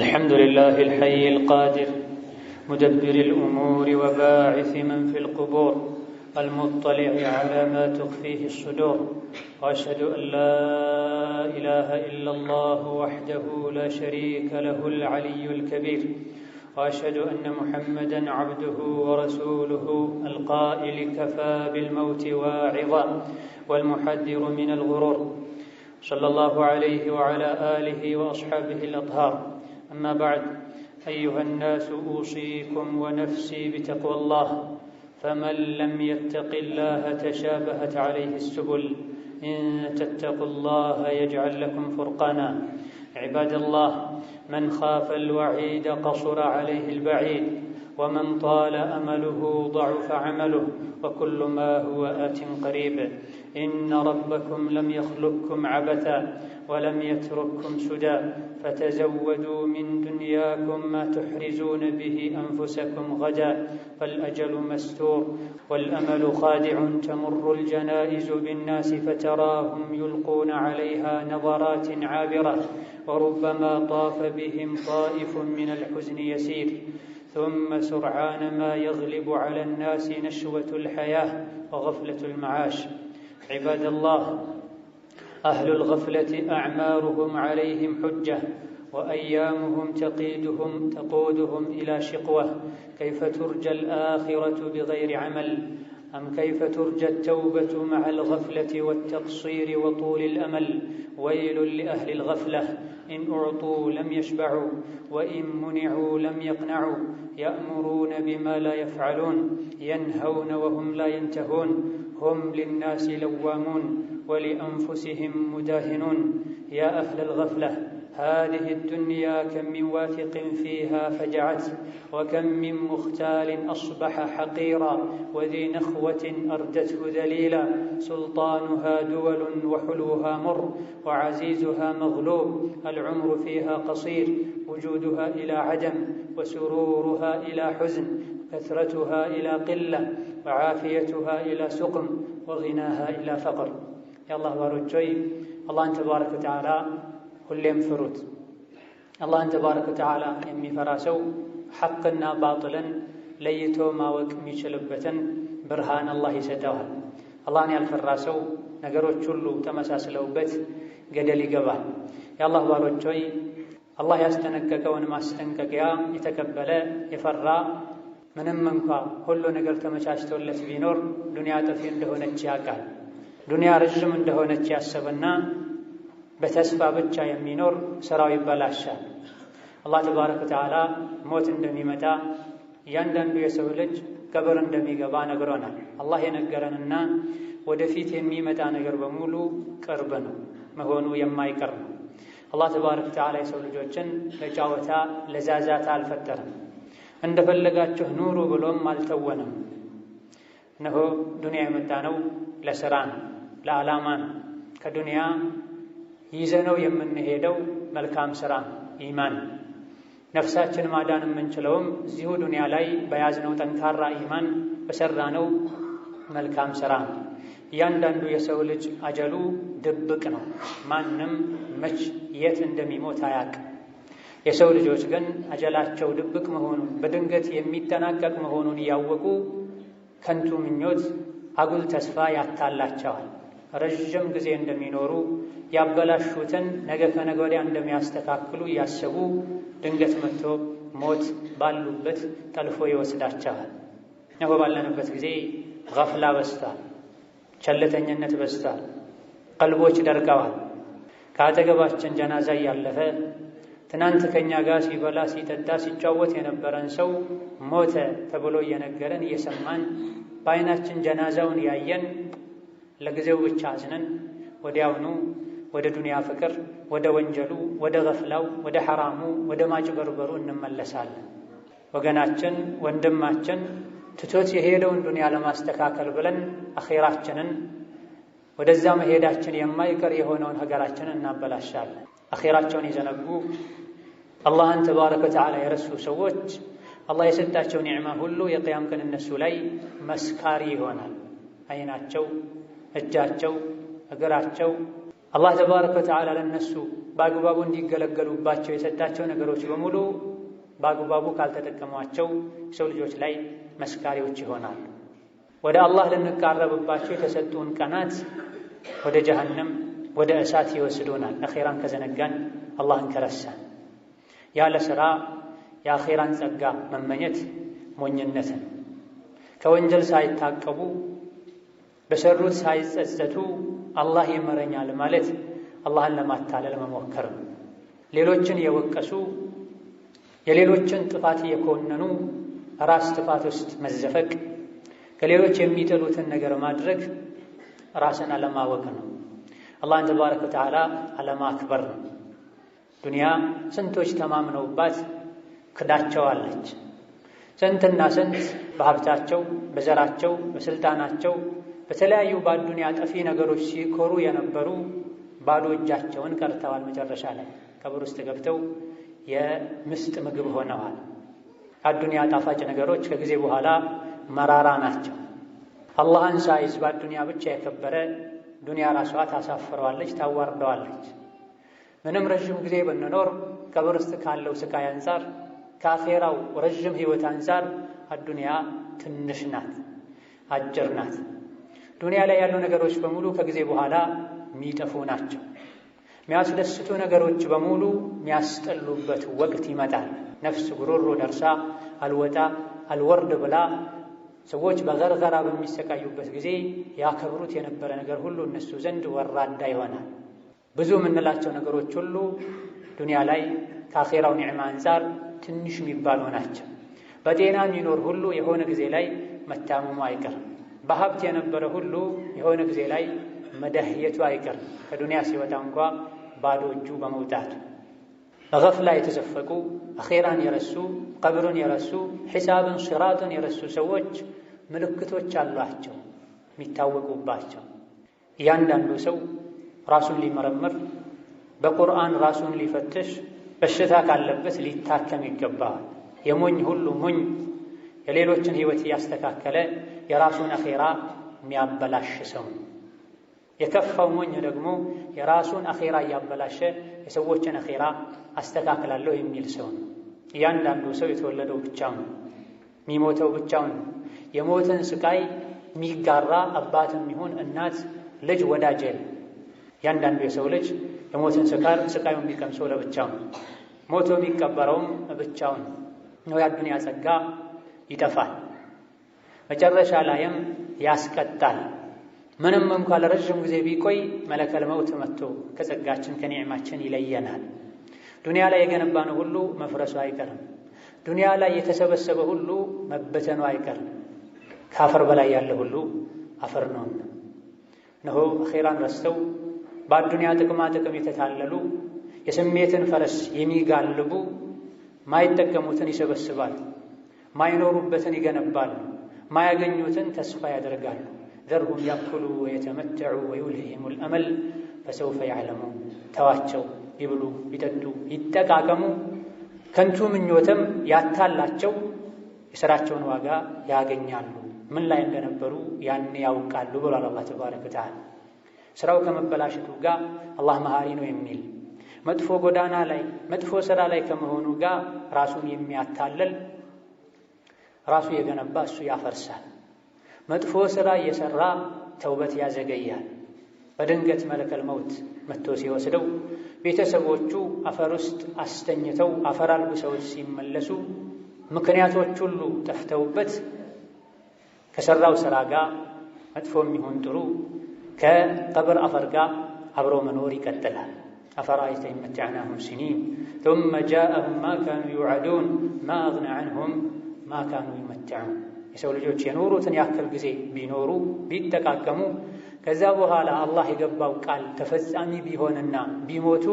الحمد لله الحي القادر مدبر الأمور وباعث من في القبور المطلع على ما تخفيه الصدور وأشهد أن لا إله إلا الله وحده لا شريك له العلي الكبير وأشهد أن محمدا عبده ورسوله القائل كفى بالموت واعظا والمحذر من الغرور صلى الله عليه وعلى آله وأصحابه الأطهار أما بعد أيها الناس أوصيكم ونفسي بتقوى الله فمن لم يتق الله تشابهت عليه السبل إن تتقوا الله يجعل لكم فرقانا عباد الله من خاف الوعيد قصر عليه البعيد ومن طال امله ضعف عمله وكل ما هو ات قريب ان ربكم لم يخلقكم عبثا ولم يترككم سدى فتزودوا من دنياكم ما تحرزون به انفسكم غدا فالاجل مستور والامل خادع تمر الجنائز بالناس فتراهم يلقون عليها نظرات عابره وربما طاف بهم طائف من الحزن يسير ثم سرعان ما يغلب على الناس نشوه الحياه وغفله المعاش عباد الله اهل الغفله اعمارهم عليهم حجه وايامهم تقيدهم تقودهم الى شقوه كيف ترجى الاخره بغير عمل ام كيف ترجى التوبه مع الغفله والتقصير وطول الامل ويل لاهل الغفله إن أعطوا لم يشبعوا وإن منعوا لم يقنعوا يأمرون بما لا يفعلون ينهون وهم لا ينتهون هم للناس لوامون ولأنفسهم مداهنون يا أهل الغفلة هذه الدنيا كم من واثق فيها فجعته وكم من مختال أصبح حقيرا وذي نخوة أردته ذليلا سلطانها دول وحلوها مر وعزيزها مغلوب العمر فيها قصير وجودها إلى عدم وسرورها إلى حزن كثرتها إلى قلة وعافيتها إلى سقم وغناها إلى فقر يا الله ورجوي الله تبارك وتعالى ሁሌም ፍሩት። አላህን ተባረከ ወተዓላ የሚፈራ ሰው ሐቅና ባጥልን ለይቶ ማወቅ የሚችልበትን ብርሃን አላህ ይሰጠዋል። አላህን ያልፈራ ሰው ነገሮች ሁሉ ተመሳስለውበት ገደል ይገባል። የአላህ ባሮች ሆይ አላህ ያስጠነቀቀውን ማስጠንቀቂያ የተቀበለ የፈራ ምንም እንኳ ሁሉ ነገር ተመቻችቶለት ቢኖር ዱንያ ጠፊ እንደሆነች ያውቃል። ዱንያ ረዥም እንደሆነች ያሰበና በተስፋ ብቻ የሚኖር ስራው ይበላሻል። አላህ ተባረከ ወተዓላ ሞት እንደሚመጣ እያንዳንዱ የሰው ልጅ ቀብር እንደሚገባ ነግሮናል። አላህ የነገረንና ወደፊት የሚመጣ ነገር በሙሉ ቅርብ ነው መሆኑ የማይቀር ነው። አላህ ተባረከ ወተዓላ የሰው ልጆችን ለጫወታ ለዛዛታ አልፈጠረም። እንደፈለጋችሁ ኑሩ ብሎም አልተወንም። እነሆ ዱንያ የመጣ ነው ለስራ ነው፣ ለዓላማ ነው። ከዱንያ ይዘነው የምንሄደው መልካም ስራ ኢማን። ነፍሳችን ማዳን የምንችለውም እዚሁ ዱንያ ላይ በያዝነው ጠንካራ ኢማን በሰራነው መልካም ስራ እያንዳንዱ የሰው ልጅ አጀሉ ድብቅ ነው። ማንም መች የት እንደሚሞት አያቅ። የሰው ልጆች ግን አጀላቸው ድብቅ መሆኑን በድንገት የሚጠናቀቅ መሆኑን እያወቁ ከንቱ ምኞት፣ አጉል ተስፋ ያታላቸዋል። ረዥም ጊዜ እንደሚኖሩ ያበላሹትን ነገ ከነገ ወዲያ እንደሚያስተካክሉ እያሰቡ ድንገት መጥቶ ሞት ባሉበት ጠልፎ ይወስዳቸዋል። ነገ ባለንበት ጊዜ ገፍላ በስቷል። ቸልተኝነት በስቷል። ቀልቦች ደርቀዋል። ከአጠገባችን ጀናዛ እያለፈ ትናንት ከእኛ ጋር ሲበላ ሲጠጣ ሲጫወት የነበረን ሰው ሞተ ተብሎ እየነገረን እየሰማን በአይናችን ጀናዛውን ያየን ለጊዜው ብቻ አዝነን ወዲያውኑ ወደ ዱንያ ፍቅር፣ ወደ ወንጀሉ፣ ወደ ገፍላው፣ ወደ ሐራሙ፣ ወደ ማጭበርበሩ እንመለሳለን። ወገናችን ወንድማችን ትቶት የሄደውን ዱንያ ለማስተካከል ብለን አኼራችንን ወደዛ መሄዳችን የማይቀር የሆነውን ሀገራችንን እናበላሻለን። አኼራቸውን የዘነጉ አላህን ተባረከ ወተዓላ የረሱ ሰዎች አላህ የሰጣቸው ኒዕማ ሁሉ የቅያም ቀን እነሱ ላይ መስካሪ ይሆናል አይናቸው እጃቸው፣ እግራቸው አላህ ተባረከ ወተዓላ ለነሱ በአግባቡ እንዲገለገሉባቸው የሰጣቸው ነገሮች በሙሉ በአግባቡ ካልተጠቀሟቸው ሰው ልጆች ላይ መስካሪዎች ይሆናሉ። ወደ አላህ ልንቃረብባቸው የተሰጡን ቀናት ወደ ጀሀነም ወደ እሳት ይወስዱናል። አኼራን ከዘነጋን አላህን ከረሳን ያለ ሥራ የአኼራን ጸጋ መመኘት ሞኝነት ከወንጀል ሳይታቀቡ በሰሩት ሳይጸጸቱ አላህ ይመረኛል ማለት አላህን ለማታለል መሞከር ነው። ሌሎችን የወቀሱ የሌሎችን ጥፋት እየኮነኑ ራስ ጥፋት ውስጥ መዘፈቅ፣ ከሌሎች የሚጠሉትን ነገር ማድረግ ራስን አለማወቅ ነው። አላህን ተባረከ ወተዓላ አለማክበር ነው። ዱንያ ስንቶች ተማምነውባት ክዳቸዋለች። ስንትና ስንት በሀብታቸው፣ በዘራቸው፣ በስልጣናቸው በተለያዩ በአዱንያ ጠፊ ነገሮች ሲኮሩ የነበሩ ባዶ እጃቸውን ቀርተዋል። መጨረሻ ላይ ቀብር ውስጥ ገብተው የምስጥ ምግብ ሆነዋል። አዱንያ ጣፋጭ ነገሮች ከጊዜ በኋላ መራራ ናቸው። አላህን ሳይዝ በአዱንያ ብቻ የከበረ ዱንያ ራሷ ታሳፍረዋለች፣ ታዋርደዋለች። ምንም ረዥም ጊዜ ብንኖር ቀብር ውስጥ ካለው ስቃይ አንጻር ከአፌራው ረዥም ህይወት አንጻር አዱንያ ትንሽ ናት፣ አጭር ናት። ዱንያ ላይ ያሉ ነገሮች በሙሉ ከጊዜ በኋላ የሚጠፉ ናቸው። የሚያስደስቱ ነገሮች በሙሉ የሚያስጠሉበት ወቅት ይመጣል። ነፍስ ጉሮሮ ደርሳ አልወጣ አልወርድ ብላ ሰዎች በዘርዘራ በሚሰቃዩበት ጊዜ ያከብሩት የነበረ ነገር ሁሉ እነሱ ዘንድ ወራዳ ይሆናል። ብዙ የምንላቸው ነገሮች ሁሉ ዱንያ ላይ ከአኼራው ኒዕማ አንጻር ትንሽ የሚባሉ ናቸው። በጤና የሚኖር ሁሉ የሆነ ጊዜ ላይ መታመሙ አይቀርም። በሀብት የነበረ ሁሉ የሆነ ጊዜ ላይ መደህየቱ አይቀርም። ከዱንያ ሲወጣ እንኳ ባዶ እጁ በመውጣቱ በገፍላ የተዘፈቁ አኼራን የረሱ ቀብርን የረሱ ሒሳብን ሲራጥን የረሱ ሰዎች ምልክቶች አሏቸው የሚታወቁባቸው። እያንዳንዱ ሰው ራሱን ሊመረምር በቁርአን ራሱን ሊፈትሽ በሽታ ካለበት ሊታከም ይገባል። የሞኝ ሁሉ ሞኝ የሌሎችን ህይወት እያስተካከለ የራሱን አኼራ የሚያበላሽ ሰው ነው። የከፋው ሞኝ ደግሞ የራሱን አኼራ እያበላሸ የሰዎችን አኼራ አስተካክላለሁ የሚል ሰው ነው። እያንዳንዱ ሰው የተወለደው ብቻው ነው፣ የሚሞተው ብቻው ነው። የሞትን ስቃይ የሚጋራ አባትም ይሁን እናት፣ ልጅ፣ ወዳጅ የለ። እያንዳንዱ የሰው ልጅ የሞትን ስቃዩ የሚቀምሰው ለብቻው ነው። ሞቶ የሚቀበረውም ብቻውን ነው። ያ ዱንያ ጸጋ ይጠፋል። መጨረሻ ላይም ያስቀጣል። ምንም እንኳን ለረዥም ጊዜ ቢቆይ መለከል መውት መጥቶ ከጸጋችን ከኒዕማችን ይለየናል። ዱንያ ላይ የገነባነው ሁሉ መፍረሱ አይቀርም። ዱንያ ላይ የተሰበሰበ ሁሉ መበተኑ አይቀርም። ከአፈር በላይ ያለ ሁሉ አፈር ነውና፣ እነሆ አኼራን ረስተው በአዱንያ ጥቅማ ጥቅም የተታለሉ የስሜትን ፈረስ የሚጋልቡ ማይጠቀሙትን ይሰበስባል። ማይኖሩበትን ይገነባሉ፣ ማያገኙትን ተስፋ ያደርጋሉ። ዘርሁም ያኩሉ ወየተመተዑ ወዩልሂሙል አመል ፈሰውፈ ያዕለሙ። ተዋቸው፣ ይብሉ፣ ይጠጡ፣ ይጠቃቀሙ፣ ከንቱ ምኞትም ያታላቸው የሥራቸውን ዋጋ ያገኛሉ። ምን ላይ እንደነበሩ ያኔ ያውቃሉ ብሏል አላህ ተባረከ ወተዓላ። ሥራው ከመበላሸቱ ጋር አላህ መሃሪ ነው የሚል መጥፎ ጎዳና ላይ መጥፎ ሥራ ላይ ከመሆኑ ጋር ራሱን የሚያታለል ራሱ የገነባ እሱ ያፈርሳል። መጥፎ ስራ እየሰራ ተውበት ያዘገያል። በድንገት መለከል መውት መጥቶ ሲወስደው ቤተሰቦቹ አፈር ውስጥ አስተኝተው አፈር ሰዎች ሲመለሱ ምክንያቶች ሁሉ ጠፍተውበት ከሰራው ስራ ጋር መጥፎ የሚሆን ጥሩ ከቀብር አፈር ጋር አብሮ መኖር ይቀጥላል። አፈራይተ ይመትዕናሁም ሲኒን ثመ ጃءሁም ማ ካኑ ዩዕዱን ማ አግና ዐንሁም ማካኑ ይመጠዑ የሰው ልጆች የኖሩትን ያክል ጊዜ ቢኖሩ ቢጠቃቀሙ ከዛ በኋላ አላህ የገባው ቃል ተፈጻሚ ቢሆንና ቢሞቱ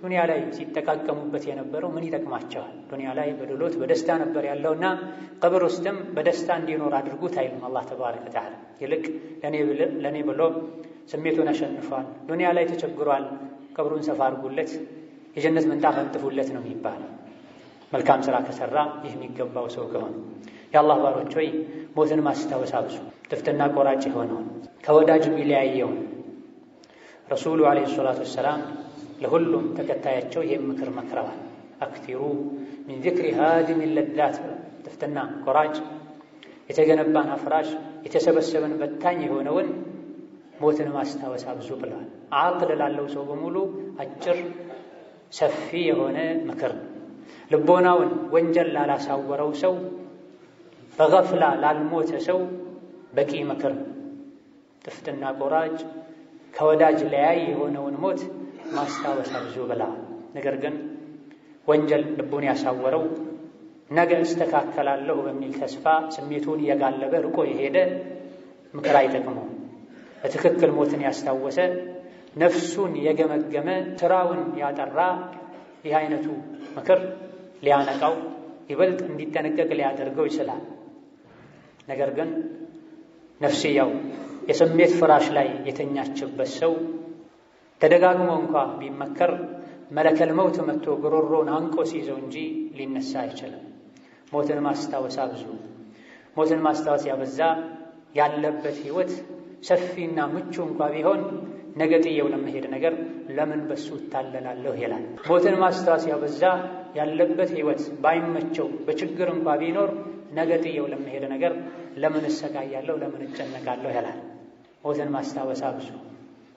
ዱንያ ላይ ሲጠቃቀሙበት የነበረው ምን ይጠቅማቸዋል? ዱንያ ላይ በድሎት በደስታ ነበር ያለውና ቅብር ውስጥም በደስታ እንዲኖር አድርጉት አይልም አላህ ተባረከ ወተዓላ። ይልቅ ለእኔ ብሎ ስሜቱን አሸንፏል፣ ዱንያ ላይ ተቸግሯል፣ ቅብሩን ሰፋ አድርጉለት፣ የጀነት ምንጣፍ አንጥፉለት ነው የሚባለው። መልካም ስራ ከሰራ ይህ የሚገባው ሰው ከሆነ የአላህ ባሮች ሆይ ሞትን ማስታወስ አብዙ። ጥፍትና ቆራጭ የሆነውን ከወዳጅ የሚለያየውን ረሱሉ ዓለይሂ ሰላቱ ወሰላም ለሁሉም ተከታያቸው ይህም ምክር መክረዋል። አክቲሩ ሚን ዚክሪ ሃዲሚ ለዳት ጥፍትና ቆራጭ የተገነባን አፍራሽ የተሰበሰበን በታኝ የሆነውን ሞትን ማስታወስ አብዙ ብለዋል። አቅል ላለው ሰው በሙሉ አጭር ሰፊ የሆነ ምክር ነው። ልቦናውን ወንጀል ላላሳወረው ሰው በገፍላ ላልሞተ ሰው በቂ ምክር ጥፍጥና ቆራጭ ከወዳጅ ለያይ የሆነውን ሞት ማስታወሻ አብዙ ብላ። ነገር ግን ወንጀል ልቡን ያሳወረው ነገ እስተካከላለሁ በሚል ተስፋ ስሜቱን እየጋለበ ርቆ የሄደ ምክር አይጠቅመው። በትክክል ሞትን ያስታወሰ ነፍሱን የገመገመ ስራውን ያጠራ ይህ አይነቱ ምክር ሊያነቃው ይበልጥ እንዲጠነቀቅ ሊያደርገው ይችላል። ነገር ግን ነፍስያው የስሜት ፍራሽ ላይ የተኛችበት ሰው ተደጋግሞ እንኳ ቢመከር መለከል መውት መጥቶ ጉሮሮን አንቆ ሲይዘው እንጂ ሊነሳ አይችልም። ሞትን ማስታወስ አብዙ። ሞትን ማስታወስ ያበዛ ያለበት ህይወት ሰፊና ምቹ እንኳ ቢሆን ነገ ጥየው ለመሄድ ነገር ለምን በሱ እታለላለሁ ይላል። ሞትን ማስታወስ በዛ ያለበት ህይወት ባይመቸው በችግር እንኳ ቢኖር ነገ ጥየው ለመሄድ ነገር ለምን እሰቃያለሁ፣ ለምን እጨነቃለሁ ይላል። ሞትን ማስታወስ አብዙ።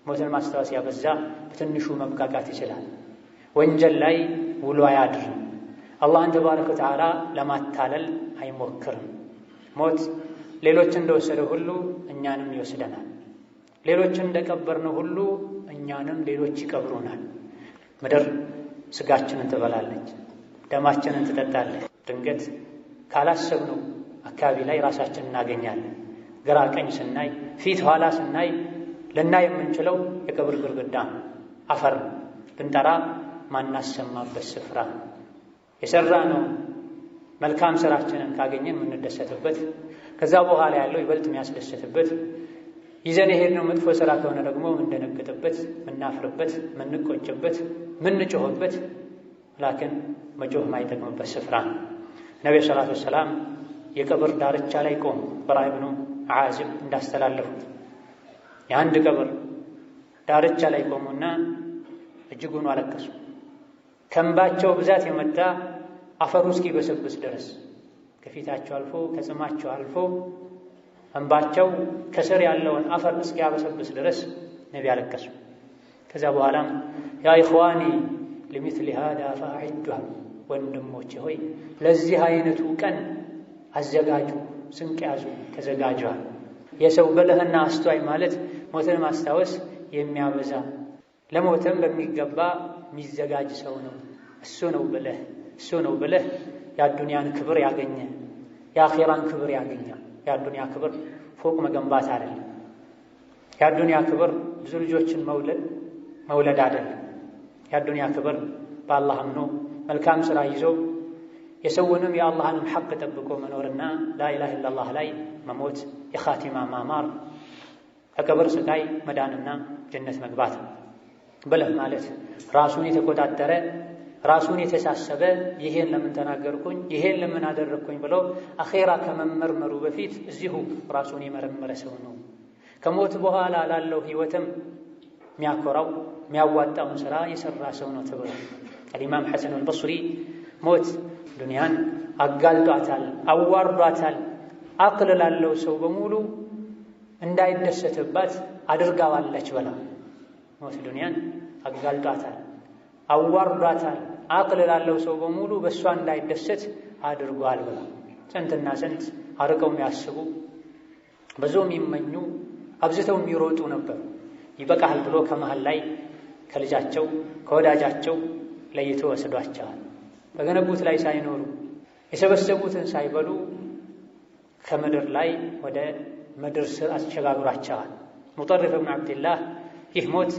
ሞትን ማስታወስ ያበዛ በትንሹ መብቃቃት ይችላል። ወንጀል ላይ ውሎ አያድርም። አላህን ተባረከ ወተዓላ ለማታለል አይሞክርም። ሞት ሌሎች እንደወሰደ ሁሉ እኛንም ይወስደናል። ሌሎችን እንደቀበርነው ሁሉ እኛንም ሌሎች ይቀብሩናል። ምድር ስጋችንን ትበላለች፣ ደማችንን ትጠጣለች። ድንገት ካላሰብነው አካባቢ ላይ ራሳችን እናገኛለን። ግራ ቀኝ ስናይ፣ ፊት ኋላ ስናይ ልናይ የምንችለው የቀብር ግርግዳ ነው፣ አፈር ብንጠራ ማናሰማበት ስፍራ የሰራ ነው። መልካም ስራችንን ካገኘን የምንደሰትበት ከዛ በኋላ ያለው ይበልጥ የሚያስደሰትበት ይዘን የሄድነው መጥፎ ስራ ከሆነ ደግሞ ምንደነግጥበት፣ ምናፍርበት፣ ምንቆጭበት፣ ምንጮህበት ላክን መጮህ ማይጠቅምበት ስፍራ ነው። ነቢ ሰላቱ ወሰላም የቀብር ዳርቻ ላይ ቆሙ። በራይ ብኑ ዓዚብ እንዳስተላለፉት የአንድ ቀብር ዳርቻ ላይ ቆሙና እጅጉን አለቀሱ። ከእንባቸው ብዛት የመጣ አፈሩ እስኪበሰብስ ድረስ ከፊታቸው አልፎ ከጽማቸው አልፎ እንባቸው ከስር ያለውን አፈር እስኪያበሰብስ ድረስ ነቢ አለቀሱ። ከዚያ በኋላም ያ ኢኽዋኒ ሊሚስሊ ሃዳ ፈአዒዷ፣ ወንድሞቼ ሆይ ለዚህ አይነቱ ቀን አዘጋጁ፣ ስንቅ ያዙ፣ ተዘጋጇል። የሰው ብልህና አስተዋይ ማለት ሞትን ማስታወስ የሚያበዛ ለሞትም በሚገባ የሚዘጋጅ ሰው ነው። እሱ ነው ብልህ፣ እሱ ነው ብልህ የአዱንያን ክብር ያገኘ የአኼራን ክብር ያገኛል። የአዱንያ ክብር ፎቅ መገንባት አይደለም። የአዱንያ ክብር ብዙ ልጆችን መውለድ አይደለም። የአዱንያ ክብር በአላህ አምኖ መልካም ስራ ይዞ የሰውንም የአላህንም ሐቅ ጠብቆ መኖርና ላኢላህ ኢላላህ ላይ መሞት የኻቲማ ማማር ከቀብር ስቃይ መዳንና ጀነት መግባት ብለህ ማለት ራሱን የተቆጣጠረ ራሱን የተሳሰበ ይሄን ለምን ተናገርኩኝ፣ ይሄን ለምን አደረግኩኝ ብሎ አኼራ ከመመርመሩ በፊት እዚሁ ራሱን የመረመረ ሰው ነው። ከሞት በኋላ ላለው ህይወትም የሚያኮራው የሚያዋጣውን ስራ የሰራ ሰው ነው ተብሎ አልኢማም ሐሰን በስሪ ሞት ዱንያን አጋልጧታል፣ አዋርዷታል። አቅል ላለው ሰው በሙሉ እንዳይደሰትባት አድርጋዋለች ብላ ሞት ዱንያን አጋልጧታል። አዋርዷታል። አቅል ላለው ሰው በሙሉ በእሷ እንዳይደሰት አድርጓል ብላ ስንትና ስንት አርቀው የሚያስቡ ብዙ የሚመኙ አብዝተው የሚሮጡ ነበር። ይበቃል ብሎ ከመሃል ላይ ከልጃቸው ከወዳጃቸው ለይቶ ወስዷቸዋል። በገነቡት ላይ ሳይኖሩ የሰበሰቡትን ሳይበሉ ከምድር ላይ ወደ ምድር ስር አስሸጋግሯቸዋል። ሙጠሪፍ ብን ዓብድላህ ይህ ሞት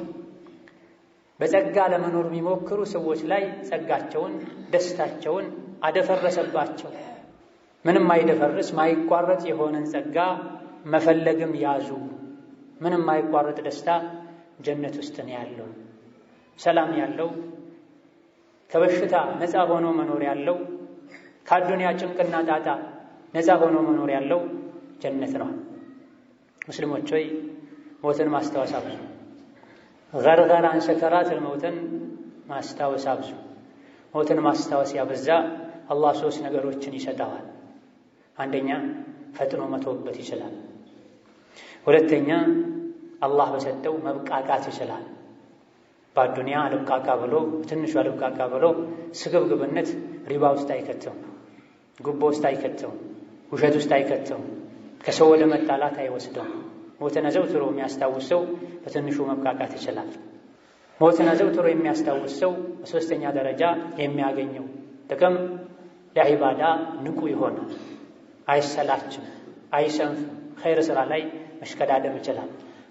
በጸጋ ለመኖር የሚሞክሩ ሰዎች ላይ ጸጋቸውን፣ ደስታቸውን አደፈረሰባቸው። ምንም ማይደፈርስ ማይቋረጥ የሆነን ጸጋ መፈለግም ያዙ። ምንም ማይቋረጥ ደስታ ጀነት ውስጥ ነው ያለው፣ ሰላም ያለው፣ ከበሽታ ነፃ ሆኖ መኖር ያለው፣ ከአዱንያ ጭንቅና ጣጣ ነፃ ሆኖ መኖር ያለው ጀነት ነው። ሙስሊሞች ሆይ ሞትን ማስታወስ አብዙ። ገርገር አን መውትን ማስታወስ አብዙ። ሞትን ማስታወስ ያበዛ አላህ ሶስት ነገሮችን ይሰጠዋል። አንደኛ ፈጥኖ መተውበት ይችላል። ሁለተኛ አላህ በሰጠው መብቃቃት ይችላል። በአዱንያ አልብቃቃ ብሎ በትንሹ አልብቃቃ ብሎ ስግብግብነት ሪባ ውስጥ አይከትም፣ ጉቦ ውስጥ አይከተውም፣ ውሸት ውስጥ አይከተውም ከሰው ለመጣላት አይወስደውም። ሞትን አዘውትሮ የሚያስታውስ ሰው በትንሹ መብቃቃት ይችላል። ሞትን አዘውትሮ የሚያስታውስ ሰው በሶስተኛ ደረጃ የሚያገኘው ጥቅም ለዒባዳ ንቁ ይሆናል። አይሰላችም፣ አይሰንፍም፣ ኸይር ስራ ላይ መሽከዳደም ይችላል።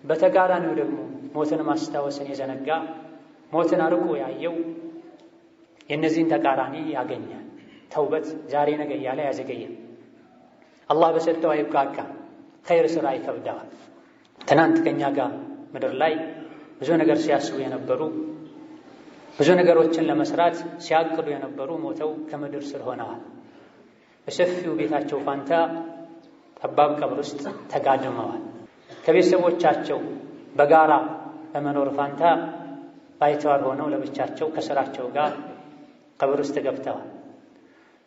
በተቃራኒው ደግሞ ሞትን ማስታወስን የዘነጋ ሞትን አርቆ ያየው የእነዚህን ተቃራኒ ያገኛል። ተውበት ዛሬ ነገ እያለ ያዘገያል። አላህ በሰጠው አይብቃቃ፣ ኸይር ስራ ይከብደዋል። ትናንት ከኛ ጋር ምድር ላይ ብዙ ነገር ሲያስቡ የነበሩ ብዙ ነገሮችን ለመስራት ሲያቅዱ የነበሩ ሞተው ከምድር ስር ሆነዋል። በሰፊው ቤታቸው ፋንታ ጠባብ ቀብር ውስጥ ተጋድመዋል። ከቤተሰቦቻቸው በጋራ በመኖር ፋንታ ባይተዋር ሆነው ለብቻቸው ከስራቸው ጋር ቀብር ውስጥ ገብተዋል።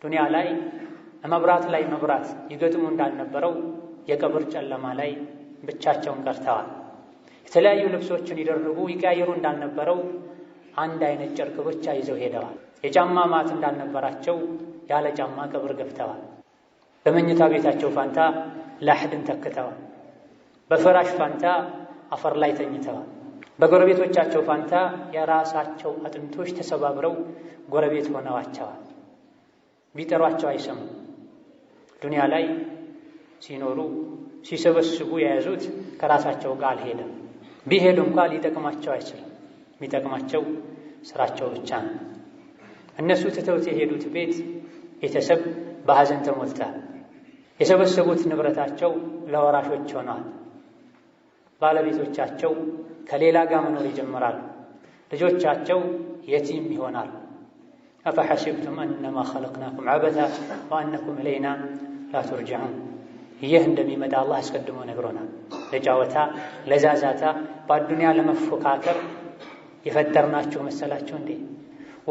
ዱንያ ላይ መብራት ላይ መብራት ይገጥሙ እንዳልነበረው የቀብር ጨለማ ላይ ብቻቸውን ቀርተዋል። የተለያዩ ልብሶችን ይደርጉ ይቀያየሩ እንዳልነበረው አንድ አይነት ጨርቅ ብቻ ይዘው ሄደዋል። የጫማ ማት እንዳልነበራቸው ያለ ጫማ ቀብር ገብተዋል። በመኝታ ቤታቸው ፋንታ ላህድን ተክተዋል። በፍራሽ ፋንታ አፈር ላይ ተኝተዋል። በጎረቤቶቻቸው ፋንታ የራሳቸው አጥንቶች ተሰባብረው ጎረቤት ሆነዋቸዋል። ቢጠሯቸው አይሰሙም። ዱንያ ላይ ሲኖሩ ሲሰበስቡ የያዙት ከራሳቸው ጋር አልሄደም። ቢሄዱ እንኳ ሊጠቅማቸው አይችልም። የሚጠቅማቸው ስራቸው ብቻ ነው። እነሱ ትተውት የሄዱት ቤት ቤተሰብ በሐዘን ተሞልቷል። የሰበሰቡት ንብረታቸው ለወራሾች ሆኗል። ባለቤቶቻቸው ከሌላ ጋር መኖር ይጀምራሉ። ልጆቻቸው የቲም ይሆናል አፈሐሲብቱም አነማ ኸለቅናኩም ዐበታ ወአነኩም ኢለይና ላ ይህ እንደሚመጣ አላህ አስቀድሞ ነግሮናል። ለጫወታ ለዛዛታ በአዱንያ ለመፎካከር የፈጠርናችሁ መሰላችሁ እንዴ?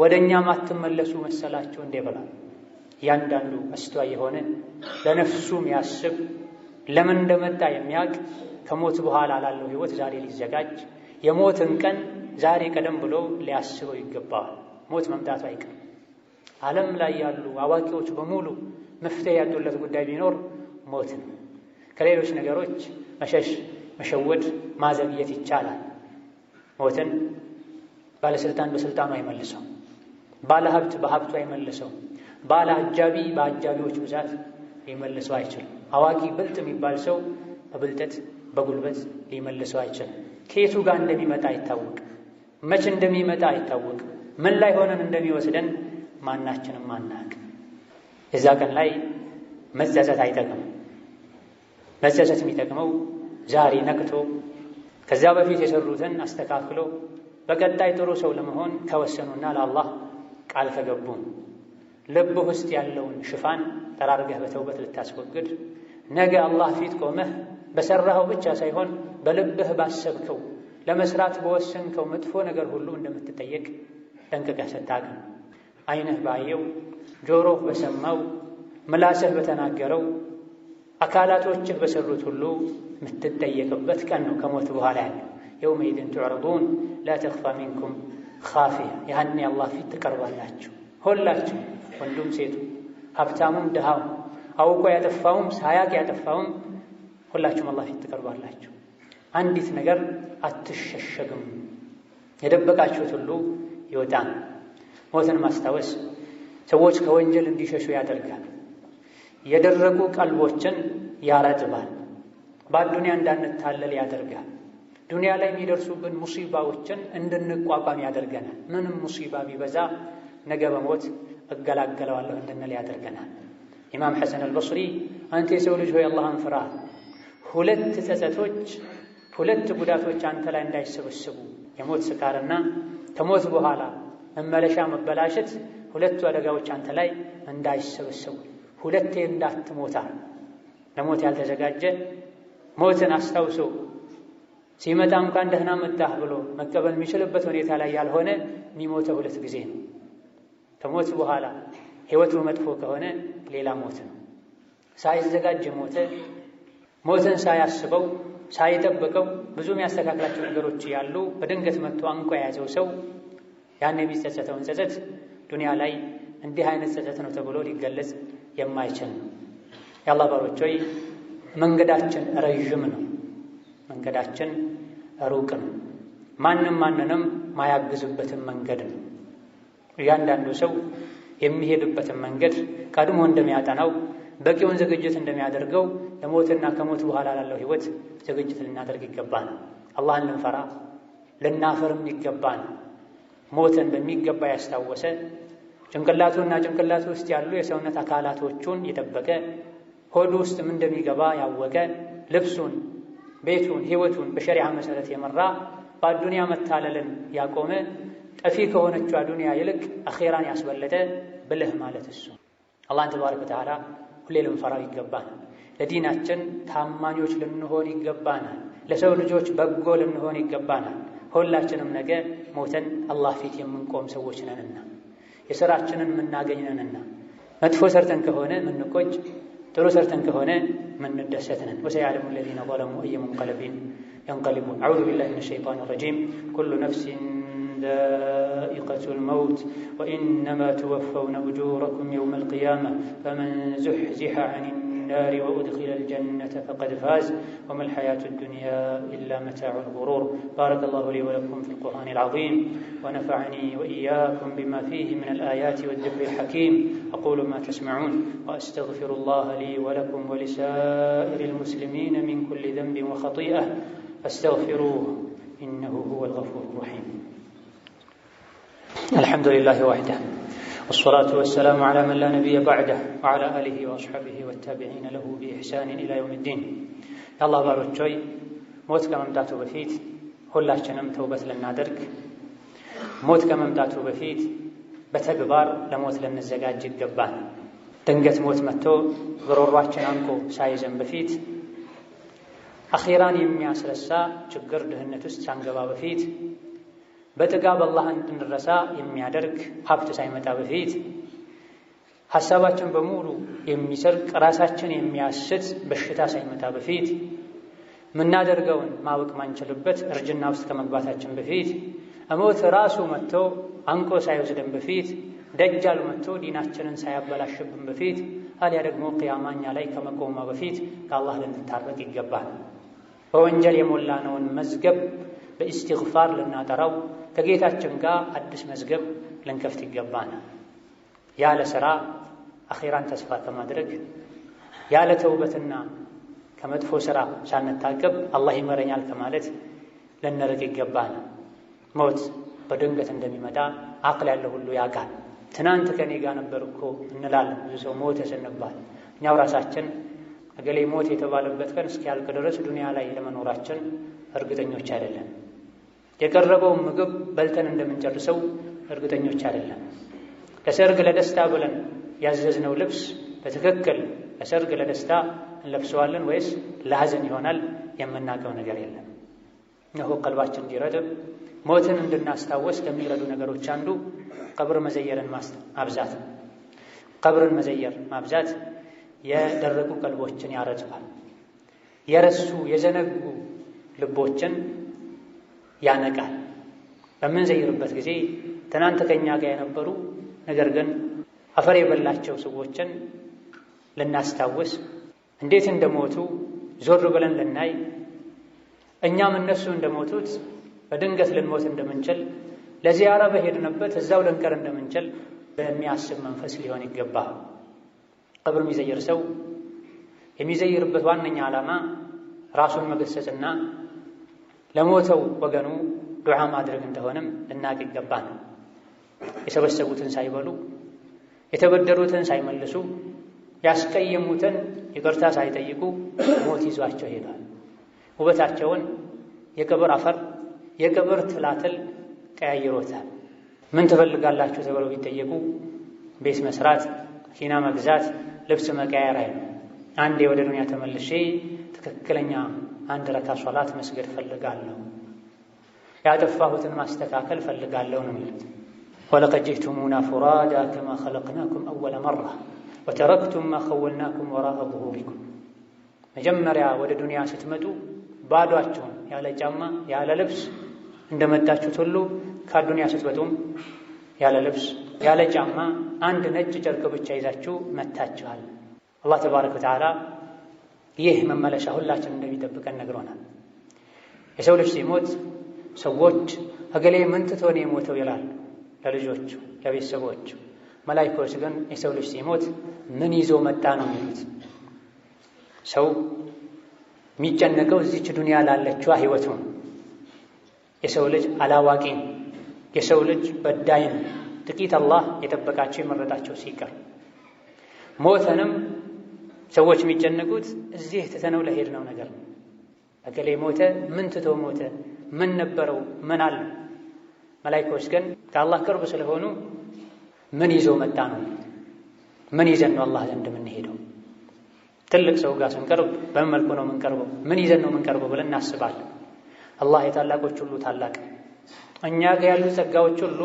ወደ እኛ ማትመለሱ መሰላችሁ እንዴ? ብሏል። እያንዳንዱ አስተዋይ የሆነ ለነፍሱ የሚያስብ ለምን እንደመጣ የሚያውቅ ከሞት በኋላ ላለው ህይወት ዛሬ ሊዘጋጅ የሞትን ቀን ዛሬ ቀደም ብሎ ሊያስበው ይገባዋል። ሞት መምጣቱ አይቀርም። ዓለም ላይ ያሉ አዋቂዎች በሙሉ መፍትሄ ያጡለት ጉዳይ ቢኖር ሞት ነው። ከሌሎች ነገሮች መሸሽ፣ መሸወድ፣ ማዘግየት ይቻላል። ሞትን ባለስልጣን በስልጣኑ አይመልሰው፣ ባለ ሀብት በሀብቱ አይመልሰው፣ ባለ አጃቢ በአጃቢዎች ብዛት ሊመልሰው አይችልም። አዋቂ ብልጥ የሚባል ሰው በብልጠት በጉልበት ሊመልሰው አይችልም። ከየቱ ጋር እንደሚመጣ አይታወቅም። መች እንደሚመጣ አይታወቅም። ምን ላይ ሆነን እንደሚወስደን ማናችንም አናውቅ። የዛ ቀን ላይ መጸጸት አይጠቅም። መጸጸት የሚጠቅመው ዛሬ ነቅቶ ከዚያ በፊት የሰሩትን አስተካክሎ በቀጣይ ጥሩ ሰው ለመሆን ከወሰኑና ለአላህ ቃል ከገቡ ልብህ ውስጥ ያለውን ሽፋን ጠራርገህ በተውበት ልታስወግድ ነገ አላህ ፊት ቆመህ በሠራኸው ብቻ ሳይሆን በልብህ ባሰብከው ለመስራት በወሰንከው መጥፎ ነገር ሁሉ እንደምትጠየቅ ጠንቅቀህ ስታውቅ አይነህ ባየው፣ ጆሮህ በሰማው፣ ምላስህ በተናገረው አካላቶችህ በሰሩት ሁሉ የምትጠየቅበት ቀን ነው ከሞት በኋላ ያለው። የውመ ኢድን ቱዕረዱን ላ ተኽፋ ሚንኩም ካፊያ። ያህን የአላህ ፊት ትቀርባላችሁ ሁላችሁ፣ ወንዱም ሴቱ፣ ሀብታሙም ድሃው፣ አውቆ ያጠፋውም ሳያቅ ያጠፋውም ሁላችሁም አላህ ፊት ትቀርባላችሁ። አንዲት ነገር አትሸሸግም፣ የደበቃችሁት ሁሉ ይወጣ ሞትን ማስታወስ ሰዎች ከወንጀል እንዲሸሹ ያደርጋል። የደረቁ ቀልቦችን ያረጥባል። በአዱንያ እንዳንታለል ያደርጋል። ዱንያ ላይ የሚደርሱብን ሙሲባዎችን እንድንቋቋም ያደርገናል። ምንም ሙሲባ ቢበዛ ነገ በሞት እገላገለዋለሁ እንድንል ያደርገናል። ኢማም ሐሰን አልበስሪ አንተ የሰው ልጅ ሆይ አላህን ፍራ፣ ሁለት ጸጸቶች፣ ሁለት ጉዳቶች አንተ ላይ እንዳይሰበስቡ የሞት ስካርና ከሞት በኋላ መመለሻ መበላሸት፣ ሁለቱ አደጋዎች አንተ ላይ እንዳይሰበስቡ ሁለቴ እንዳትሞታ ለሞት ያልተዘጋጀ ሞትን አስታውሶ ሲመጣ እንኳን ደህና መጣህ ብሎ መቀበል የሚችልበት ሁኔታ ላይ ያልሆነ የሚሞተ ሁለት ጊዜ ነው። ከሞት በኋላ ህይወቱ መጥፎ ከሆነ ሌላ ሞት ነው። ሳይዘጋጅ ሞተ። ሞትን ሳያስበው ሳይጠብቀው ብዙ የሚያስተካክላቸው ነገሮች ያሉ በድንገት መጥቶ አንቆ የያዘው ሰው ያን የሚጸጸተውን ጸጸት ዱንያ ላይ እንዲህ አይነት ጸጸት ነው ተብሎ ሊገለጽ የማይችል ነው። የአላህ ባሮች ሆይ መንገዳችን ረዥም ነው፣ መንገዳችን ሩቅ ነው። ማንም ማንንም ማያግዝበትን መንገድ ነው። እያንዳንዱ ሰው የሚሄድበትን መንገድ ቀድሞ እንደሚያጠናው በቂውን ዝግጅት እንደሚያደርገው ለሞትና ከሞት በኋላ ላለው ህይወት ዝግጅት ልናደርግ ይገባ ነው። አላህን ልንፈራ ልናፈርም ነው። ሞትን በሚገባ ያስታወሰ ጭንቅላቱና ጭንቅላቱ ውስጥ ያሉ የሰውነት አካላቶቹን የጠበቀ ሆድ ውስጥ ምን እንደሚገባ ያወቀ ልብሱን፣ ቤቱን፣ ህይወቱን በሸሪዓ መሰረት የመራ በአዱንያ መታለልን ያቆመ ጠፊ ከሆነችው አዱንያ ይልቅ አኼራን ያስበለጠ ብልህ ማለት እሱ። አላህን ተባረከ ወተዓላ ሁሌ ልንፈራው ይገባናል። ለዲናችን ታማኞች ልንሆን ይገባናል። ለሰው ልጆች በጎ ልንሆን ይገባናል። ሁላችንም ነገ ሞተን አላህ ፊት የምንቆም ሰዎች ነንና የሥራችንን የምናገኝነንና መጥፎ ሰርተን ከሆነ ምንቆጭ፣ ጥሩ ሰርተን ከሆነ ምንደሰትነን። ወሰያዕለሙ ለዚነ ظለሙ አየ ሙንቀለቢን ينقلبون أعوذ بالله من الشيطان الرجيم كل نفس ذائقة الموت وإنما توفون أجوركم يوم القيامة فمن زحزح عن النار النار وأدخل الجنة فقد فاز وما الحياة الدنيا إلا متاع الغرور بارك الله لي ولكم في القرآن العظيم ونفعني وإياكم بما فيه من الآيات والذكر الحكيم أقول ما تسمعون وأستغفر الله لي ولكم ولسائر المسلمين من كل ذنب وخطيئة فاستغفروه إنه هو الغفور الرحيم الحمد لله وحده والصلاة والسلام على من لا نبي بعده وعلى آله وأصحابه والتابعين له بإحسان إلى يوم الدين يا الله باروتشوي موت كما امداتو بفيت هلا شنم توبة لنا درك موت كما امداتو بفيت بتكبار لموت لنا الزقاد جيب جبان تنقت موت متو ضرور واحد شنانكو سايزا بفيت أخيراً يمي أسرسا شقر دهنة تستان بفيت በጥጋብ አላህ እንድንረሳ የሚያደርግ ሀብት ሳይመጣ በፊት ሀሳባችን በሙሉ የሚሰርቅ ራሳችን የሚያስት በሽታ ሳይመጣ በፊት ምናደርገውን ማወቅ ማንችልበት እርጅና ውስጥ ከመግባታችን በፊት እሞት ራሱ መጥቶ አንቆ ሳይወስደን በፊት ደጃል መጥቶ ዲናችንን ሳያበላሽብን በፊት አሊያ ደግሞ ቅያማኛ ላይ ከመቆማ በፊት ከአላህ ልንታረቅ ይገባል። በወንጀል የሞላነውን መዝገብ በእስትግፋር ልናጠራው ከጌታችን ጋር አዲስ መዝገብ ልንከፍት ይገባናል። ያለ ሥራ አኼራን ተስፋ ከማድረግ ያለ ተውበትና ከመጥፎ ሥራ ሳንታቀብ አላህ ይመረኛል ከማለት ልንርቅ ይገባናል። ሞት በድንገት እንደሚመጣ አቅል ያለው ሁሉ ያውቃል። ትናንት ከኔ ጋር ነበር እኮ እንላለን። ብዙ ሰው ሞተ ስንባል እኛው ራሳችን እገሌ ሞት የተባለበት ቀን እስኪያልቅ ድረስ ዱንያ ላይ ለመኖራችን እርግጠኞች አይደለም። የቀረበውን ምግብ በልተን እንደምንጨርሰው እርግጠኞች አይደለም። ለሰርግ ለደስታ ብለን ያዘዝነው ልብስ በትክክል ለሰርግ ለደስታ እንለብሰዋለን ወይስ ለሐዘን ይሆናል? የምናውቀው ነገር የለም። እነሆ ቀልባችን እንዲረጥብ ሞትን እንድናስታወስ ከሚረዱ ነገሮች አንዱ ቀብር መዘየርን ማብዛት፣ ቀብርን መዘየር ማብዛት የደረቁ ቀልቦችን ያረጥባል። የረሱ የዘነጉ ልቦችን ያነቃል። በምንዘይርበት ጊዜ ትናንት ከኛ ጋር የነበሩ ነገር ግን አፈር የበላቸው ሰዎችን ልናስታውስ፣ እንዴት እንደሞቱ ዞር ብለን ልናይ፣ እኛም እነሱ እንደሞቱት በድንገት ልንሞት እንደምንችል፣ ለዚያራ በሄድንበት እዛው ልንቀር እንደምንችል በሚያስብ መንፈስ ሊሆን ይገባል። ቀብር የሚዘይር ሰው የሚዘይርበት ዋነኛ ዓላማ ራሱን መገሰጽና ለሞተው ወገኑ ዱዓ ማድረግ እንደሆነም ልናቅ ይገባ ነው። የሰበሰቡትን ሳይበሉ፣ የተበደሩትን ሳይመልሱ፣ ያስቀየሙትን ይቅርታ ሳይጠይቁ ሞት ይዟቸው ሄዷል። ውበታቸውን የቀብር አፈር የቀብር ትላትል ቀያይሮታል። ምን ትፈልጋላችሁ ተብለው ቢጠየቁ ቤት መስራት፣ ኪና መግዛት፣ ልብስ መቀያየር አይሉ አንዴ ወደ ዱንያ ተመልሼ ትክክለኛ አንድ ረካ ሶላት መስገድ ፈልጋለሁ፣ ያጠፋሁትን ማስተካከል ፈልጋለሁ ነው የሚሉት። ወለቀድ ጅእቱሙና ፉራዳ ከማ ኸለቅናኩም አወለ መራ ወተረክቱም ማ ኸወልናኩም ወራአ ዙሁሪኩም። መጀመሪያ ወደ ዱንያ ስትመጡ ባዷቸውን ያለ ጫማ ያለ ልብስ እንደመጣችሁት ሁሉ ከዱንያ ስትመጡም ያለ ልብስ ያለ ጫማ አንድ ነጭ ጨርቅ ብቻ ይዛችሁ መታችኋል። አላህ ተባረከ ወተዓላ ይህ መመለሻ ሁላችን እንደሚጠብቀን ነግሮናል። የሰው ልጅ ሲሞት ሰዎች እገሌ ምን ትቶ ነው የሞተው ይላል ለልጆቹ፣ ለቤተሰቦቹ። መላኢኮች ግን የሰው ልጅ ሲሞት ምን ይዞ መጣ ነው የሚሉት። ሰው የሚጨነቀው እዚች ዱንያ ላለችዋ ህይወቱ ነው። የሰው ልጅ አላዋቂ የሰው ልጅ በዳይ ጥቂት አላህ የጠበቃቸው የመረጣቸው ሲቀር ሞተንም ሰዎች የሚጨነቁት እዚህ ትተነው ለሄድነው ነገር ነው። እገሌ ሞተ፣ ምን ትቶ ሞተ፣ ምን ነበረው፣ ምን አለ። መላኢኮች ግን ከአላህ ቅርብ ስለሆኑ ምን ይዞ መጣ ነው፣ ምን ይዘን ነው አላህ ዘንድ የምንሄደው? ትልቅ ሰው ጋር ስንቀርብ በምን መልኩ ነው የምንቀርበው? ምን ይዘን ነው የምንቀርበው ብለን እናስባለን። አላህ የታላቆች ሁሉ ታላቅ፣ እኛ ጋር ያሉ ጸጋዎች ሁሉ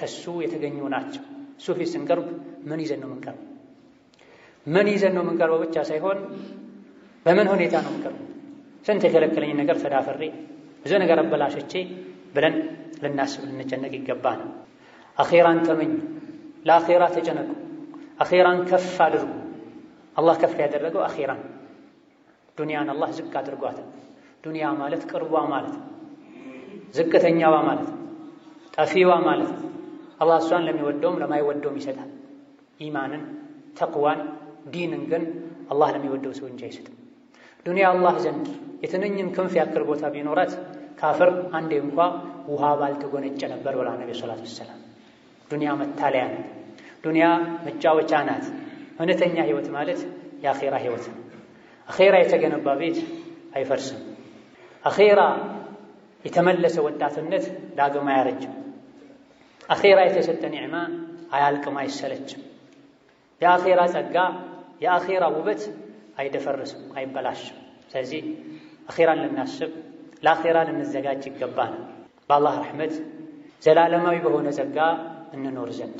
ከሱ የተገኙ ናቸው። እሱ ፊት ስንቀርብ ምን ይዘን ነው የምንቀርበው? ምን ይዘን ነው የምንቀርበው ብቻ ሳይሆን በምን ሁኔታ ነው የምንቀርበው። ስንት የከለከለኝ ነገር ተዳፈሬ ብዙ ነገር አበላሸቼ ብለን ልናስብ ልንጨነቅ ይገባል። አኼራን ተመኙ፣ ለአኼራ ተጨነቁ፣ አኼራን ከፍ አድርጉ። አላህ ከፍ ያደረገው አኼራን፣ ዱንያን አላህ ዝቅ አድርጓታል። ዱንያ ማለት ቅርቧ ማለት ዝቅተኛዋ ማለት ጠፊዋ ማለት አላህ እሷን ለሚወደውም ለማይወደውም ይሰጣል። ኢማንን ተቅዋን ዲንን ግን አላህ ለሚወደው ሰው እንጂ አይሰጥም። ዱንያ አላህ ዘንድ የትንኝን ክንፍ ያክል ቦታ ቢኖራት ካፍር አንዴ እንኳ ውሃ ባልተጎነጨ ነበር ብላ ነቢ ሰላት ወሰላም። ዱንያ መታለያ ናት። ዱንያ መጫወቻ ናት። እውነተኛ ህይወት ማለት የአኼራ ህይወት ነው። አኼራ የተገነባ ቤት አይፈርስም። አኼራ የተመለሰ ወጣትነት ዳግም አያረጅም። አኼራ የተሰጠ ኒዕማ አያልቅም፣ አይሰለችም። የአኼራ ጸጋ የአኼራ ውበት አይደፈርስም፣ አይበላሽም። ስለዚህ አኼራን ልናስብ ለአኼራ ልንዘጋጅ ይገባል። በአላህ ረሕመት ዘላለማዊ በሆነ ጸጋ እንኖር ዘንድ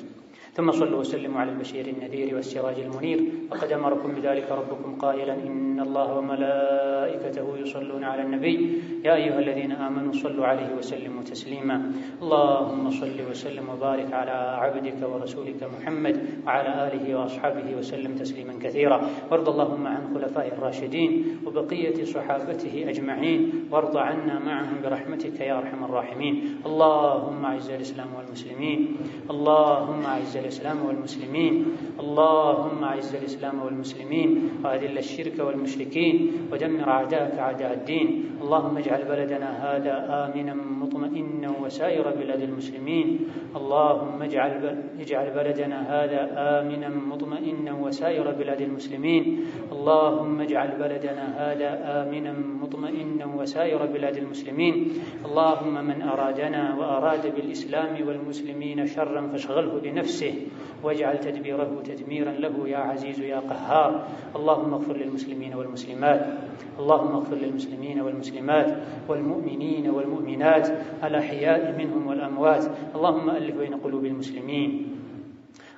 ثم صلوا وسلموا على البشير النذير والسراج المنير وقد أمركم بذلك ربكم قائلا إن الله وملائكته يصلون على النبي يا أيها الذين آمنوا صلوا عليه وسلموا تسليما اللهم صل وسلم وبارك على عبدك ورسولك محمد وعلى آله وأصحابه وسلم تسليما كثيرا وارض اللهم عن خلفاء الراشدين وبقية صحابته أجمعين وارض عنا معهم برحمتك يا أرحم الراحمين اللهم أعز الإسلام والمسلمين اللهم أعز الإسلام والمسلمين اللهم أعز الإسلام والمسلمين وأذل الشرك والمشركين ودمر أعداءك أعداء الدين اللهم اجعل بلدنا هذا آمنا مطمئنا وسائر بلاد المسلمين اللهم اجعل اجعل بلدنا هذا آمنا مطمئنا وسائر بلاد المسلمين اللهم اجعل بلدنا هذا آمنا مطمئنا وسائر بلاد المسلمين اللهم من أرادنا وأراد بالإسلام والمسلمين شرا فاشغله بنفسه نفسه واجعل تدبيره تدميرا له يا عزيز يا قهار اللهم اغفر للمسلمين والمسلمات اللهم اغفر للمسلمين والمسلمات والمؤمنين والمؤمنات الأحياء منهم والأموات اللهم ألف بين قلوب المسلمين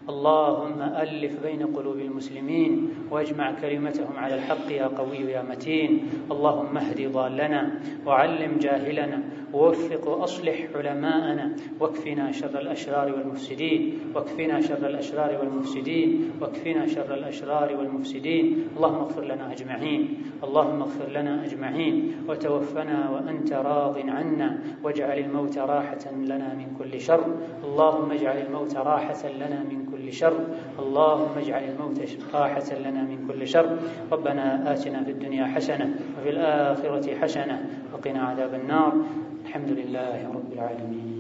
اللهم ألف بين قلوب المسلمين واجمع كلمتهم على الحق يا قوي يا متين اللهم اهد ضالنا وعلم جاهلنا ووفق وأصلح علماءنا واكفنا شر الأشرار والمفسدين واكفنا شر الأشرار والمفسدين واكفنا شر الأشرار والمفسدين اللهم اغفر لنا أجمعين اللهم اغفر لنا أجمعين وتوفنا وأنت راض عنا واجعل الموت راحة لنا من كل شر اللهم اجعل الموت راحة لنا من كل شر اللهم اجعل الموت راحة لنا من كل شر ربنا آتنا في الدنيا حسنة وفي الآخرة حسنة وقنا عذاب النار الحمد لله رب العالمين